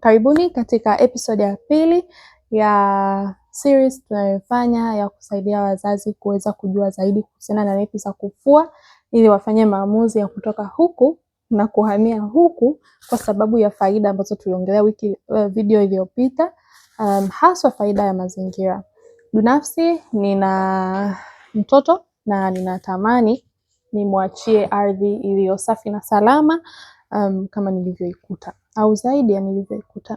Karibuni katika episode ya pili ya series tunayofanya ya kusaidia wazazi kuweza kujua zaidi kuhusiana na nepi za kufua ili wafanye maamuzi ya kutoka huku na kuhamia huku kwa sababu ya faida ambazo tuliongelea wiki uh, video iliyopita um, haswa faida ya mazingira. Binafsi nina mtoto na ninatamani nimwachie ardhi iliyo safi na salama um, kama nilivyoikuta au zaidi ya nilivyoikuta.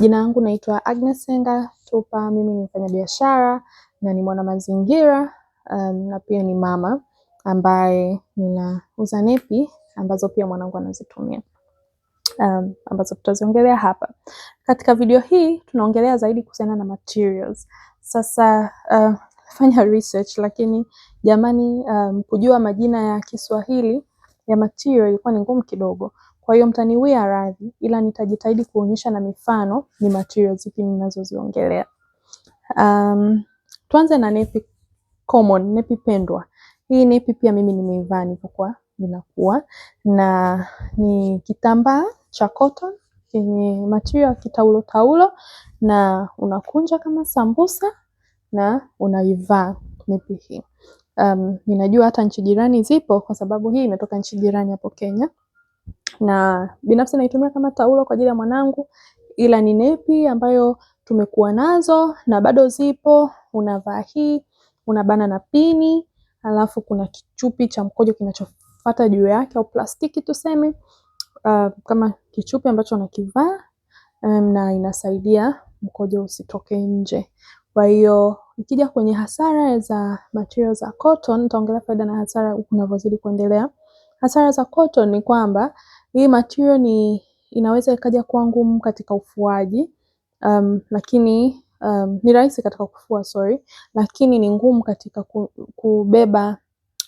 Jina langu naitwa Agnes Senga Tupa, mimi ni mfanyabiashara na ni mwanamazingira um, na pia ni mama ambaye ninauza nepi ambazo pia mwanangu anazitumia um, ambazo tutaziongelea hapa katika video hii. Tunaongelea zaidi kuhusiana na materials. Sasa uh, fanya research, lakini jamani, um, kujua majina ya Kiswahili ya material ilikuwa ni ngumu kidogo. Kwa hiyo mtaniwia radhi, ila nitajitahidi kuonyesha na mifano ni materials zipi ninazoziongelea. Um, tuanze na nepi common, nepi pendwa. Hii nepi pia mimi nimeivaa nilipokuwa ninakuwa na ni kitambaa cha cotton chenye material kitaulo taulo na unakunja kama sambusa na unaivaa nepi hii. Um, ninajua hata nchi jirani zipo kwa sababu hii imetoka nchi jirani hapo Kenya na binafsi naitumia kama taulo kwa ajili ya mwanangu, ila ni nepi ambayo tumekuwa nazo na bado zipo. Unavaa hii unabana na pini, alafu kuna kichupi cha mkojo kinachofata juu yake, au plastiki tuseme, uh, kama kichupi ambacho unakivaa um, na inasaidia mkojo usitoke nje. Kwa hiyo ikija kwenye hasara za material za cotton, nitaongelea faida na hasara unavyozidi kuendelea Hasara za cotton ni kwamba hii material ni inaweza ikaja kuwa ngumu katika ufuaji um, lakini um, ni rahisi katika kufua sorry, lakini ni ngumu katika kubeba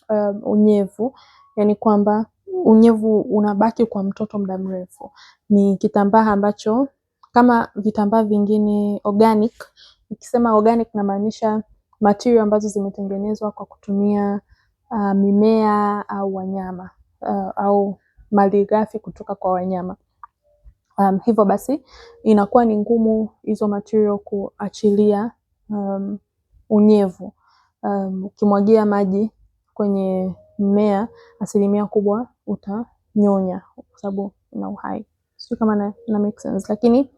um, unyevu, yani kwamba unyevu unabaki kwa mtoto muda mrefu. Ni kitambaa ambacho kama vitambaa vingine organic. Nikisema organic namaanisha material ambazo zimetengenezwa kwa kutumia uh, mimea au wanyama uh, au malighafi kutoka kwa wanyama. Um, hivyo basi inakuwa ni ngumu hizo material kuachilia um, unyevu. Um, ukimwagia um, maji kwenye mmea asilimia kubwa utanyonya kwa sababu ina uhai. Sio kama na, na make sense, lakini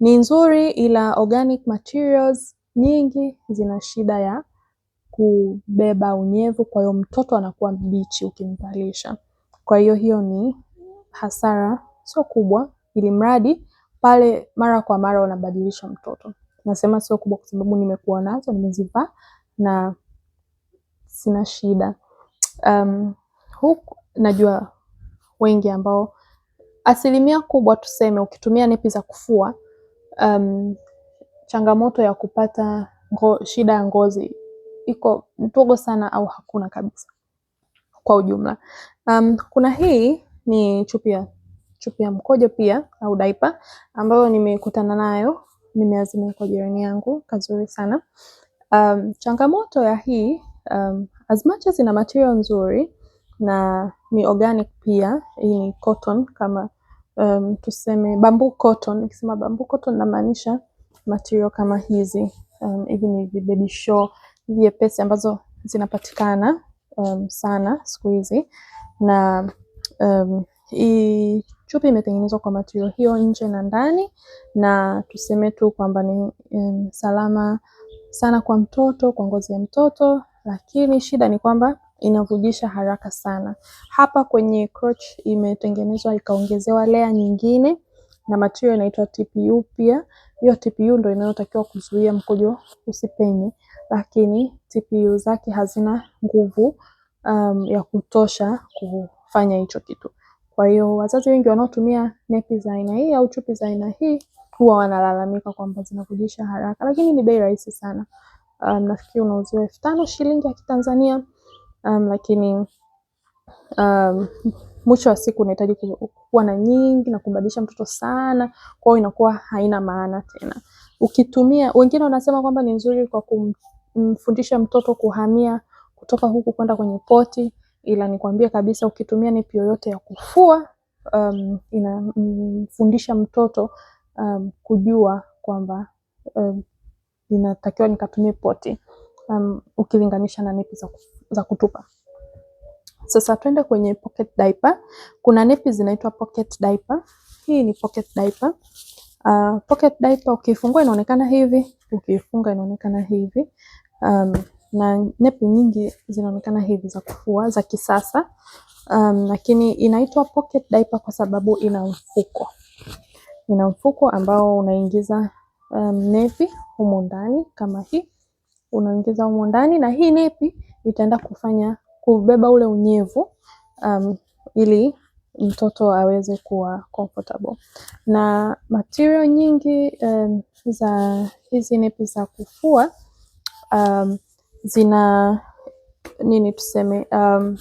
ni nzuri, ila organic materials nyingi zina shida ya kubeba unyevu, kwa hiyo mtoto anakuwa mbichi ukimvalisha. Kwa hiyo hiyo ni hasara sio kubwa, ili mradi pale mara kwa mara unabadilisha mtoto. Nasema sio kubwa kwa sababu nimekuwa nazo, nimezivaa na sina shida. Um, huku najua wengi ambao asilimia kubwa tuseme, ukitumia nepi za kufua um, changamoto ya kupata ngo, shida ya ngozi iko ndogo sana au hakuna kabisa kwa ujumla. Um, kuna hii ni chupi ya chupi ya mkojo pia au daipa ambayo nimekutana nayo, nimeazimia kwa jirani yangu, kazuri sana. Um, changamoto ya hii um, as much as ina material nzuri na ni organic pia, hii ni cotton kama um, tuseme bamboo cotton. Nikisema bamboo cotton namaanisha material kama hizi um, hivi um, ni vibebisho vyepesi ambazo zinapatikana um, sana siku hizi na um, hii chupi imetengenezwa kwa matirio hiyo nje na ndani, na tuseme tu kwamba ni um, salama sana kwa mtoto, kwa ngozi ya mtoto, lakini shida ni kwamba inavujisha haraka sana. Hapa kwenye crotch imetengenezwa ikaongezewa lea nyingine na matirio inaitwa TPU pia. Hiyo TPU ndio inayotakiwa kuzuia mkojo usipenye lakini TPU zake hazina nguvu um, ya kutosha kufanya hicho kitu. Kwa hiyo wazazi wengi wanaotumia nepi za aina hii au chupi za aina hii huwa wanalalamika kwamba zinakujisha haraka, lakini ni bei rahisi sana. Um, nafikiri unauziwa elfu tano shilingi ya Kitanzania um, lakini um, mwisho wa siku unahitaji kuwa na nyingi na kumbadilisha mtoto sana, kwa hiyo inakuwa haina maana tena ukitumia. Wengine wanasema kwamba ni nzuri kwa kum kumfundisha mtoto kuhamia kutoka huku kwenda kwenye poti, ila nikwambie kabisa ukitumia nepi yoyote ya kufua um, inamfundisha mtoto um, kujua kwamba um, inatakiwa nikatumie poti um, ukilinganisha na nepi za, za kutupa. Sasa twende kwenye pocket diaper. Kuna nepi zinaitwa pocket diaper. Hii ni pocket diaper. Uh, pocket diaper ukifungua inaonekana hivi, ukiifunga inaonekana hivi um, na nepi nyingi zinaonekana hivi za kufua za kisasa um, lakini inaitwa pocket diaper kwa sababu ina mfuko, ina mfuko ambao unaingiza um, nepi humo ndani kama hii, unaingiza humo ndani na hii nepi itaenda kufanya kubeba ule unyevu um, ili mtoto aweze kuwa comfortable. Na material nyingi um, za hizi nepi za kufua um, zina nini tuseme um,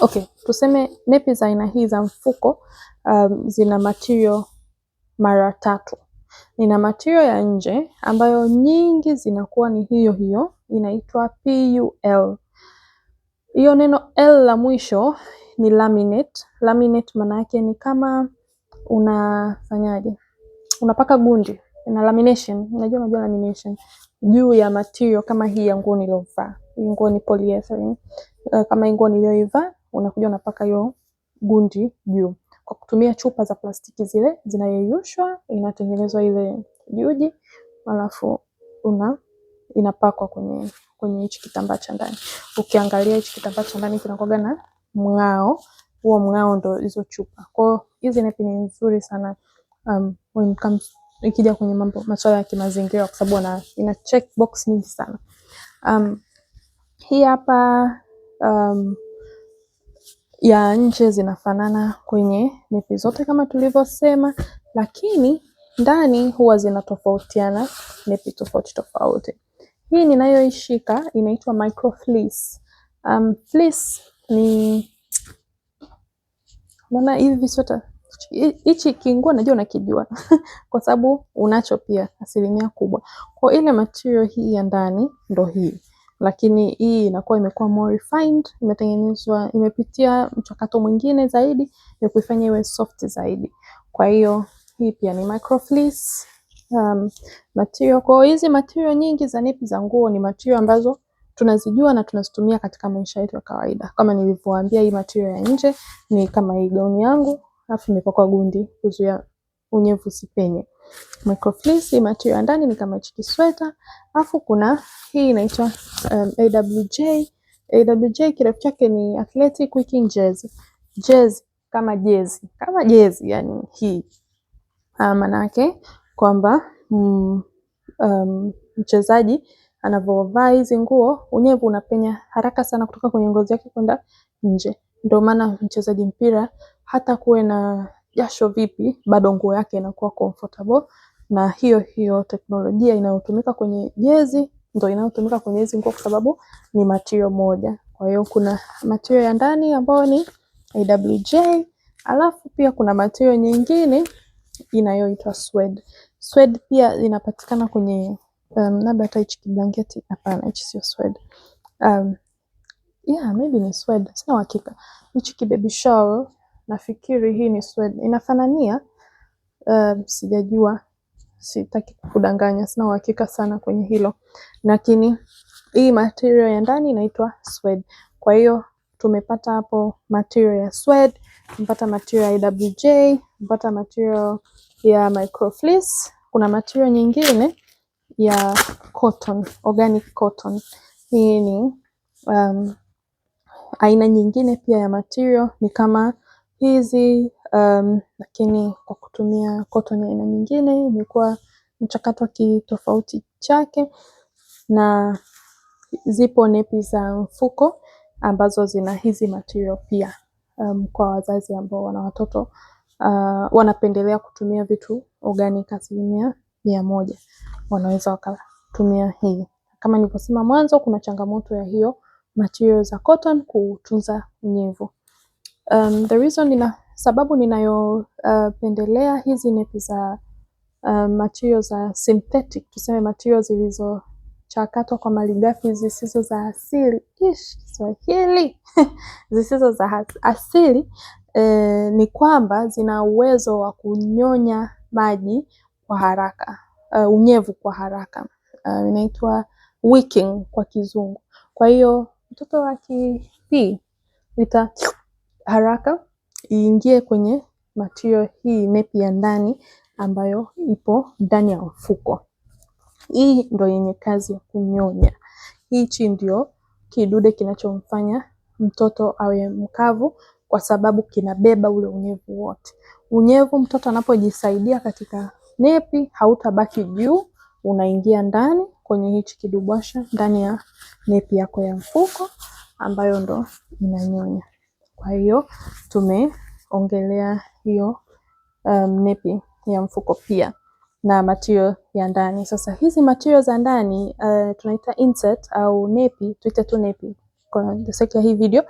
okay, tuseme nepi za aina hii za mfuko um, zina material mara tatu. Nina material ya nje ambayo nyingi zinakuwa ni hiyo hiyo, inaitwa PUL. Hiyo neno L la mwisho ni laminate. Laminate maana yake ni kama unafanyaje, unapaka gundi na lamination. Unajua, unajua lamination juu ya material kama hii ya nguo niliyovaa. Hii nguo ni Uh, Kama hii nguo niliyoivaa, unakuja unapaka hiyo gundi juu kwa kutumia chupa za plastiki zile zinayeyushwa, inatengenezwa ile juji, alafu una inapakwa kwenye kwenye hichi kitambaa cha ndani. Ukiangalia hichi kitambaa cha ndani kinakoga na mng'ao, huo mng'ao ndo hizo chupa. Kwa hiyo hizi nepi ni nzuri sana um, when it comes ikija kwenye mambo masuala ya kimazingira, kwa sababu ina, check box nyingi sana. Um, hii hapa um, ya nje zinafanana kwenye nepi zote kama tulivyosema, lakini ndani huwa zinatofautiana nepi tofauti tofauti. Hii ninayoishika inaitwa micro fleece. Um, fleece ni unaona hivi visweta hichi kiingua najua unakijua kwa sababu unacho pia asilimia kubwa. Kwa ile material hii ya ndani ndo hii, lakini hii inakuwa imekuwa more refined, imetengenezwa, imepitia mchakato mwingine zaidi ya kuifanya iwe soft zaidi. Kwa hiyo hii pia ni microfleece um, material. Kwa hizi material nyingi za nepi za nguo ni material ambazo tunazijua na tunazitumia katika maisha yetu ya kawaida. Kama nilivyowaambia, hii material ya nje ni kama hii gauni yangu alafu imepakwa gundi kuzuia unyevu usipenye. Microfleece matio ya ndani ni kama chiki sweta, alafu kuna hii inaitwa um, AWJ. AWJ kirefu chake ni athletic wicking jersey. Jersey kama jezi, kama jezi yani hii. Ah, manake kwamba mm, um, mchezaji anavovaa hizi nguo unyevu unapenya haraka sana kutoka kwenye ngozi yake kwenda nje. Ndio maana mchezaji mpira hata kuwe na jasho vipi, bado nguo yake inakuwa comfortable, na hiyo hiyo teknolojia inayotumika kwenye jezi ndio inayotumika kwenye hizi nguo, kwa sababu ni material moja. Kwa hiyo kuna material ya ndani ambayo ni AWJ, alafu pia kuna material nyingine inayoitwa suede. Suede pia inapatikana kwenye um, labda hata hichi kiblanketi, hapana, hichi sio suede. Um, yeah, maybe ni suede, sina uhakika. Hichi kibebishao Nafikiri hii ni Sweden. Inafanania uh, sijajua, sitaki kudanganya, sina uhakika sana kwenye hilo, lakini hii material ya ndani inaitwa suede. Kwa hiyo tumepata hapo material ya suede, tumepata material ya IWJ, tumepata material ya microfleece. Kuna material nyingine ya cotton, organic cotton. Hii ni um, aina nyingine pia ya material ni kama hizi um, lakini kwa kutumia cotton ya aina nyingine, imekuwa mchakato wa kitofauti chake, na zipo nepi za mfuko ambazo zina hizi material pia, um, kwa wazazi ambao wana watoto uh, wanapendelea kutumia vitu organic asilimia mia moja, wanaweza wakatumia hii. Kama nilivyosema mwanzo, kuna changamoto ya hiyo material za cotton kutunza unyevu. Um, the reason nina, sababu ninayopendelea uh, hizi nepi za uh, um, material za synthetic, tuseme material zilizochakatwa kwa malighafi zisizo za asili ish Kiswahili zisizo za asili eh, ni kwamba zina uwezo wa kunyonya maji kwa haraka uh, unyevu kwa haraka uh, inaitwa wicking kwa Kizungu. Kwa hiyo mtoto wa kipi ita haraka iingie kwenye matio hii nepi ya ndani ambayo ipo ndani ya mfuko. Hii ndo yenye kazi ya kunyonya. Hichi ndio kidude kinachomfanya mtoto awe mkavu kwa sababu kinabeba ule unyevu wote. Unyevu mtoto anapojisaidia katika nepi hautabaki juu, unaingia ndani kwenye hichi kidubwasha ndani ya nepi yako ya mfuko ambayo ndo inanyonya. Kwa hiyo tumeongelea hiyo um, nepi ya mfuko pia na matio ya ndani. Sasa hizi matio za ndani uh, tunaita insert au nepi, tuite tu nepi kwa sake ya hii video.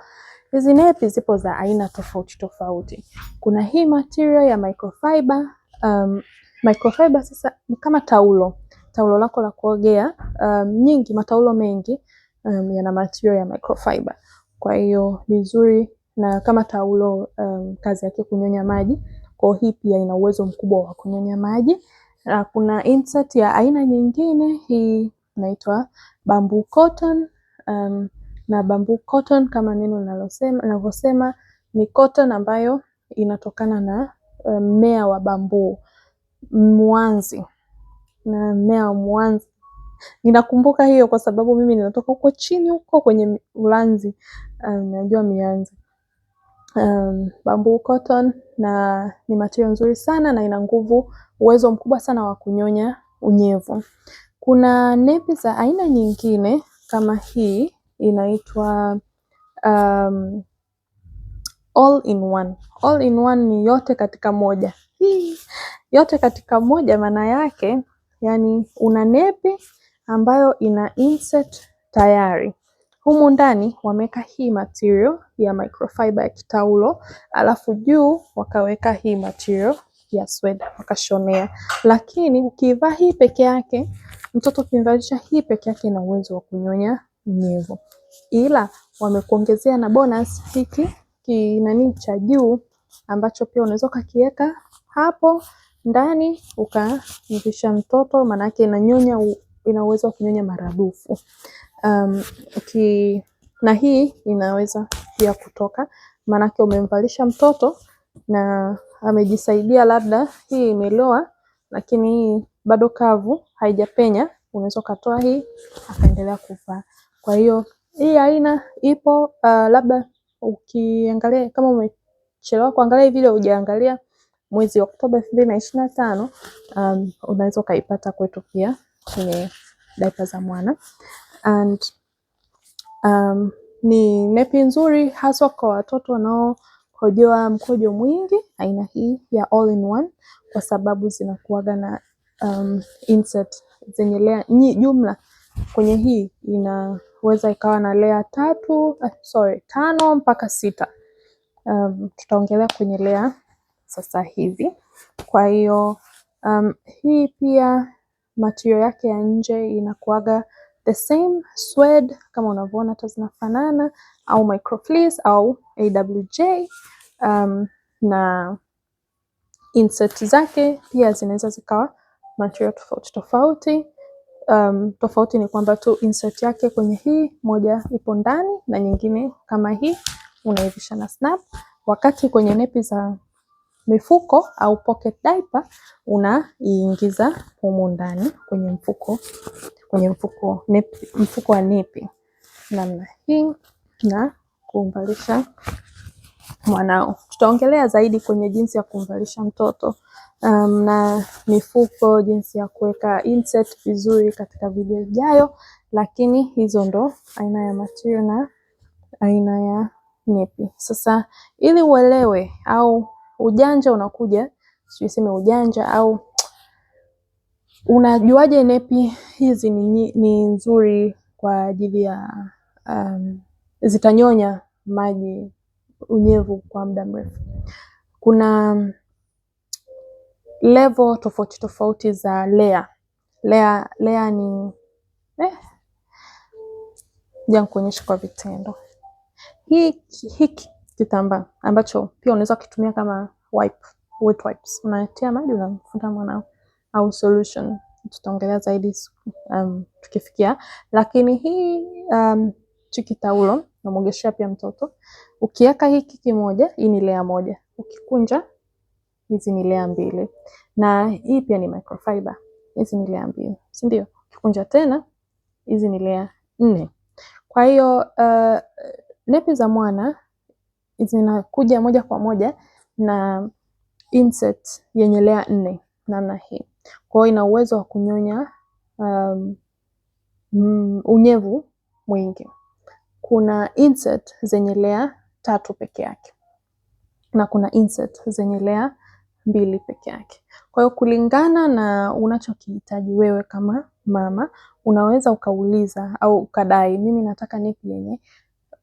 Hizi nepi zipo za aina tofauti tofauti. Kuna hii material ya microfiber um, microfiber sasa ni kama taulo taulo lako la kuogea um, nyingi mataulo mengi um, yana material ya microfiber. Kwa hiyo ni nzuri na kama taulo um, kazi yake kunyonya maji. Kwa hii pia ina uwezo mkubwa wa kunyonya maji. Na kuna insert ya aina nyingine, hii inaitwa bamboo cotton um, na bamboo cotton kama neno linavyosema ni cotton ambayo inatokana na uh, mmea um, wa bamboo mwanzi, na mmea wa mwanzi ninakumbuka hiyo kwa sababu mimi ninatoka huko chini huko kwenye ulanzi, ah, najua um, mianzi um, bamboo cotton na ni material nzuri sana na ina nguvu, uwezo mkubwa sana wa kunyonya unyevu. Kuna nepi za aina nyingine kama hii inaitwa um, all in one. All in one ni yote katika moja yote katika moja, maana yake yani una nepi ambayo ina insert tayari Humu ndani wameweka hii material ya microfiber ya kitaulo alafu juu wakaweka hii material ya sweta wakashonea. Lakini ukivaa hii peke yake, mtoto ukimvalisha hii peke yake ina uwezo wa kunyonya unyevu, ila wamekuongezea na bonus hiki kinani cha juu ambacho pia unaweza ukakiweka hapo ndani ukamvisha mtoto, maanake inanyonya, ina uwezo wa kunyonya maradufu um, ki, na hii inaweza pia kutoka, maanake umemvalisha mtoto na amejisaidia, labda hii imeloa lakini hii bado kavu haijapenya, unaweza ukatoa hii akaendelea kuvaa. Kwa hiyo hii aina ipo, uh, labda ukiangalia kama umechelewa kuangalia hii video, hujaangalia mwezi wa Oktoba elfu mbili na ishirini na tano, um, unaweza ukaipata kwetu pia kwenye daipa za mwana and um, ni nepi nzuri haswa kwa watoto wanaokojoa mkojo mwingi aina hii ya all in one, kwa sababu zinakuwaga na um, insert zenye nyi, jumla kwenye hii inaweza ikawa na lea tatu uh, sorry tano mpaka sita. Um, tutaongelea kwenye lea sasa hivi. Kwa hiyo um, hii pia matio yake ya nje inakuaga the same suede kama unavyoona hata zinafanana au microfleece au AWJ um, na insert zake pia zinaweza zikawa material tofauti tofauti. Um, tofauti ni kwamba tu insert yake kwenye hii moja ipo ndani na nyingine kama hii unaivisha na snap, wakati kwenye nepi za mifuko au pocket diaper, unaiingiza humu ndani kwenye mfuko kwenye mfuko nepi, mfuko wa nepi namna hii na kumvalisha mwanao. Tutaongelea zaidi kwenye jinsi ya kumvalisha mtoto um, na mifuko, jinsi ya kuweka insert vizuri katika video ijayo, lakini hizo ndo aina ya material na aina ya nepi. Sasa ili uelewe au ujanja unakuja, sijui ujanja au unajuaje nepi hizi ni, ni nzuri kwa ajili ya um, zitanyonya maji unyevu kwa muda mrefu. Kuna level tofauti tofauti za layer. Layer, layer ni eh, ja kwa vitendo hiki, hiki kitambaa ambacho pia unaweza kutumia kama wipe, wet wipes. Unatia maji unamfuta mwanao au solution. Tutaongelea zaidi um, tukifikia, lakini hii um, chiki taulo namwogeshea pia mtoto. Ukiweka hiki kimoja, hii ni layer moja, ukikunja hizi ni layer mbili, na hii pia ni microfiber. Hizi ni layer mbili, si ndio? Ukikunja tena hizi ni layer nne. Kwa hiyo uh, nepi za mwana zinakuja moja kwa moja na insert yenye layer nne namna hii. Kwa hiyo ina uwezo wa kunyonya um, mm, unyevu mwingi. Kuna insert zenye layer tatu peke yake na kuna insert zenye layer mbili peke yake. Kwa hiyo kulingana na unachokihitaji wewe kama mama, unaweza ukauliza au ukadai, mimi nataka nepi yenye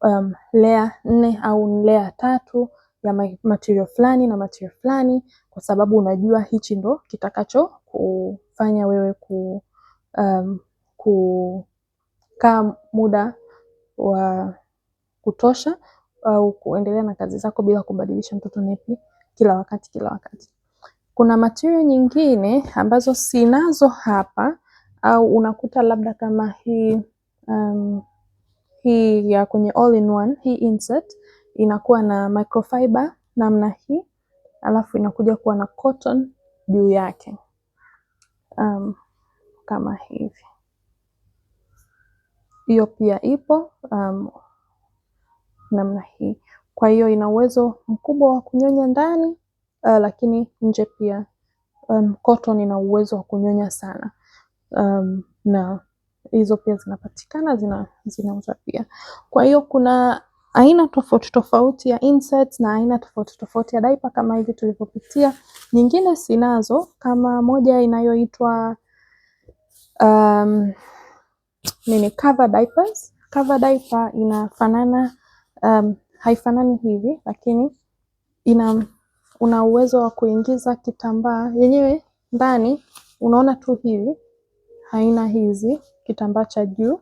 um, layer nne au layer tatu ya material fulani na material fulani, kwa sababu unajua hichi ndo kitakacho kufanya wewe ku, um, kukaa muda wa kutosha au kuendelea na kazi zako bila kubadilisha mtoto nepi kila wakati kila wakati. Kuna material nyingine ambazo sinazo hapa, au unakuta labda kama hii um, hii ya kwenye all in one, hii insert inakuwa na microfiber namna hii, alafu inakuja kuwa na cotton juu yake um, kama hivi. Hiyo pia ipo um, namna hii. Kwa hiyo ina uwezo mkubwa wa kunyonya ndani uh, lakini nje pia um, cotton ina uwezo wa kunyonya sana um, na hizo pia zinapatikana zina, zinauzwa pia. Kwa hiyo kuna aina tofauti tofauti ya inserts na aina tofauti tofauti ya diaper kama hivi tulivyopitia. Nyingine sinazo kama moja inayoitwa um, nini cover diapers. Cover diaper inafanana um, haifanani hivi lakini ina una uwezo wa kuingiza kitambaa yenyewe ndani, unaona tu hivi aina hizi, kitambaa cha juu.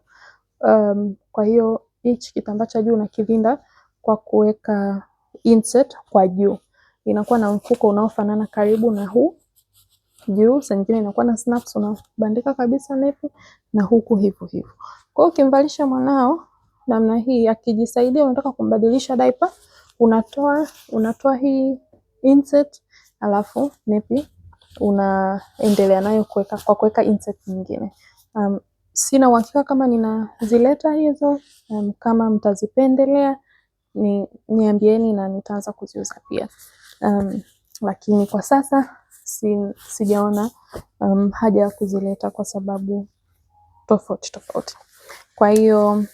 Um, kwa hiyo hichi kitambaa cha juu unakilinda kwa kuweka inset kwa juu. Inakuwa na mfuko unaofanana karibu na huu juu, saa nyingine inakuwa na snaps unabandika kabisa nepi na huku hivyo hivyo. Kwa hiyo ukimvalisha mwanao namna hii akijisaidia, unataka kumbadilisha diaper, unatoa unatoa hii inset alafu nepi unaendelea nayo kuweka kwa kuweka insert nyingine. Um, sina uhakika kama ninazileta hizo um, kama mtazipendelea ni niambieni na nitaanza kuziuza pia um, lakini kwa sasa si, sijaona um, haja ya kuzileta kwa sababu tofauti tofauti. Kwa hiyo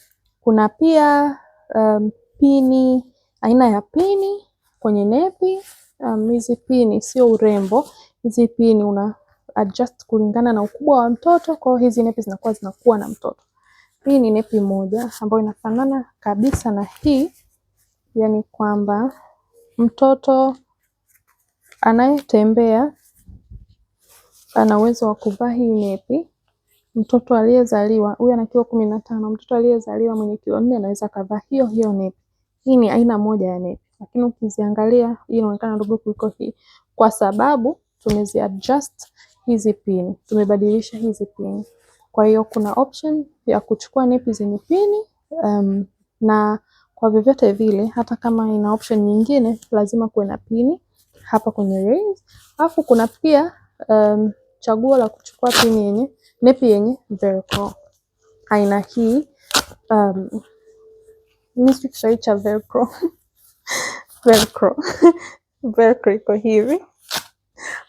kuna pia um, pini aina ya pini kwenye nepi. Um, hizi pini sio urembo, Hizi pini una adjust kulingana na ukubwa wa mtoto, kwa hiyo hizi nepi zinakuwa zinakuwa na mtoto. Hii ni nepi moja ambayo inafanana kabisa na hii, yani kwamba mtoto anayetembea ana uwezo wa kuvaa hii nepi. Mtoto aliyezaliwa huyu ana kilo kumi na tano, mtoto aliyezaliwa mwenye kilo nne anaweza akavaa hiyo hiyo nepi. Hii ni aina moja ya nepi, lakini ukiziangalia hii inaonekana ndogo kuliko hii kwa sababu tumezi adjust hizi pini, tumebadilisha hizi pini. Kwa hiyo kuna option ya kuchukua nepi zenye pini um, na kwa vyovyote vile, hata kama ina option nyingine, lazima kuwe na pini hapa kwenye range. Alafu kuna pia um, chaguo la kuchukua pini yenye nepi yenye Velcro aina hii um, Kiswahili cha Velcro Velcro Velcro iko hivi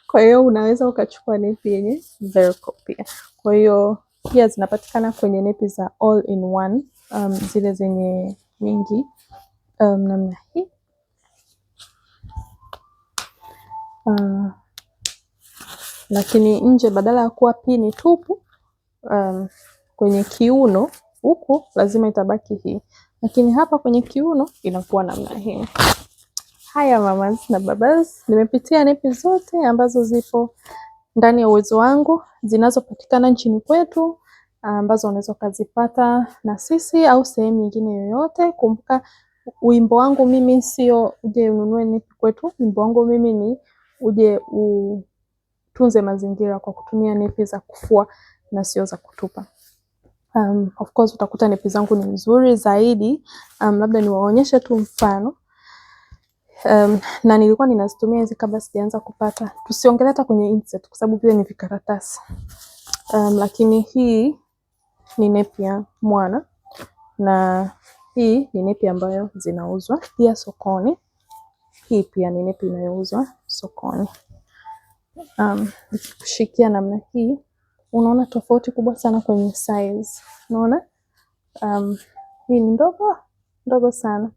kwa hiyo unaweza ukachukua nepi yenye Verco pia. Kwa hiyo pia zinapatikana kwenye nepi za all in one, um, zile zenye nyingi um, namna hii uh, lakini nje badala ya kuwa pini tupu um, kwenye kiuno huku lazima itabaki hii, lakini hapa kwenye kiuno inakuwa namna hii. Haya mamas na babas, nimepitia nepi zote ambazo zipo ndani ya uwezo wangu zinazopatikana nchini kwetu ambazo unaweza ukazipata na sisi au sehemu nyingine yoyote. Kumbuka wimbo wangu mimi sio uje ununue nepi kwetu, wimbo wangu mimi ni uje utunze mazingira kwa kutumia nepi za kufua na sio za kutupa. Um, of course utakuta nepi zangu ni nzuri zaidi. Um, labda niwaonyeshe tu mfano um, na nilikuwa ninazitumia hizi kabla sijaanza kupata. Tusiongelea hata kwenye inset kwa sababu vile ni vikaratasi um, lakini hii ni nepia mwana na hii ni nepi ambayo zinauzwa pia sokoni. Hii pia ni nepi inayouzwa sokoni. Um, namna hii unaona tofauti kubwa sana kwenye size. Unaona? Um, hii ni ndogo ndogo sana.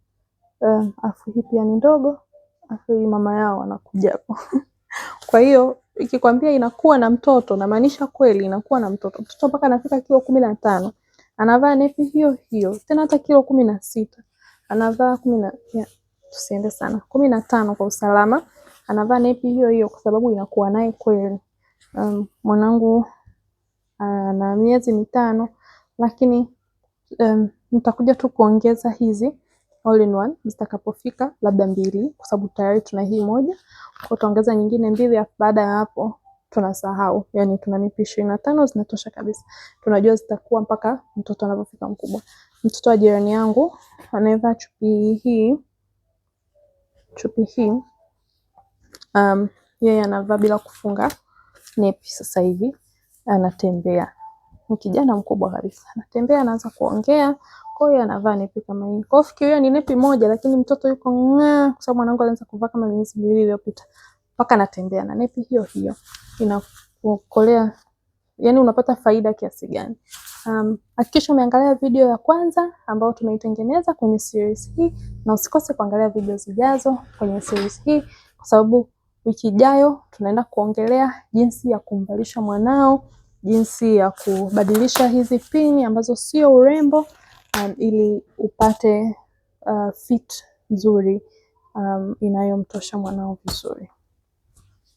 Eh, afu hii pia ni ndogo, afu hii mama yao anakuja hapo. Kwa hiyo ikikwambia inakuwa na mtoto, namaanisha kweli inakuwa na mtoto. Mtoto mpaka anafika kilo kumi na tano anavaa nepi hiyo hiyo, tena hata kilo kumi na sita anavaa kumi na tusiende sana, kumi na tano kwa usalama, anavaa nepi hiyo hiyo kwa sababu inakuwa naye kweli. Um, mwanangu ana ah, uh, miezi mitano, lakini um, nitakuja tu kuongeza hizi all in one zitakapofika labda mbili, kwa sababu tayari tuna hii moja, kwa tuongeza nyingine mbili. Baada ya hapo tunasahau, yani tuna mipi ishirini na tano zinatosha kabisa. Tunajua zitakuwa mpaka mtoto anapofika mkubwa. Mtoto wa jirani yangu anaevaa chupi hii, chupi hii um, yeye anavaa bila kufunga nepi. Sasa hivi anatembea, ni kijana mkubwa kabisa, anatembea, anaanza kuongea kwa hiyo anavaa nepi kama hii. Kwa hiyo hiyo ni nepi moja lakini mtoto yuko ng'aa kwa sababu mwanangu alianza kuvaa kama miezi miwili iliyopita. Mpaka anatembea na nepi hiyo hiyo. Inakuokolea. Yaani unapata faida kiasi gani? Um, hakikisha umeangalia video ya kwanza ambayo tunaitengeneza kwenye series hii na usikose kuangalia video zijazo kwenye series hii kwa sababu wiki ijayo tunaenda kuongelea jinsi ya kumvalisha mwanao, jinsi ya kubadilisha hizi pini ambazo sio urembo um, ili upate uh, fit nzuri um, inayomtosha mwanao vizuri.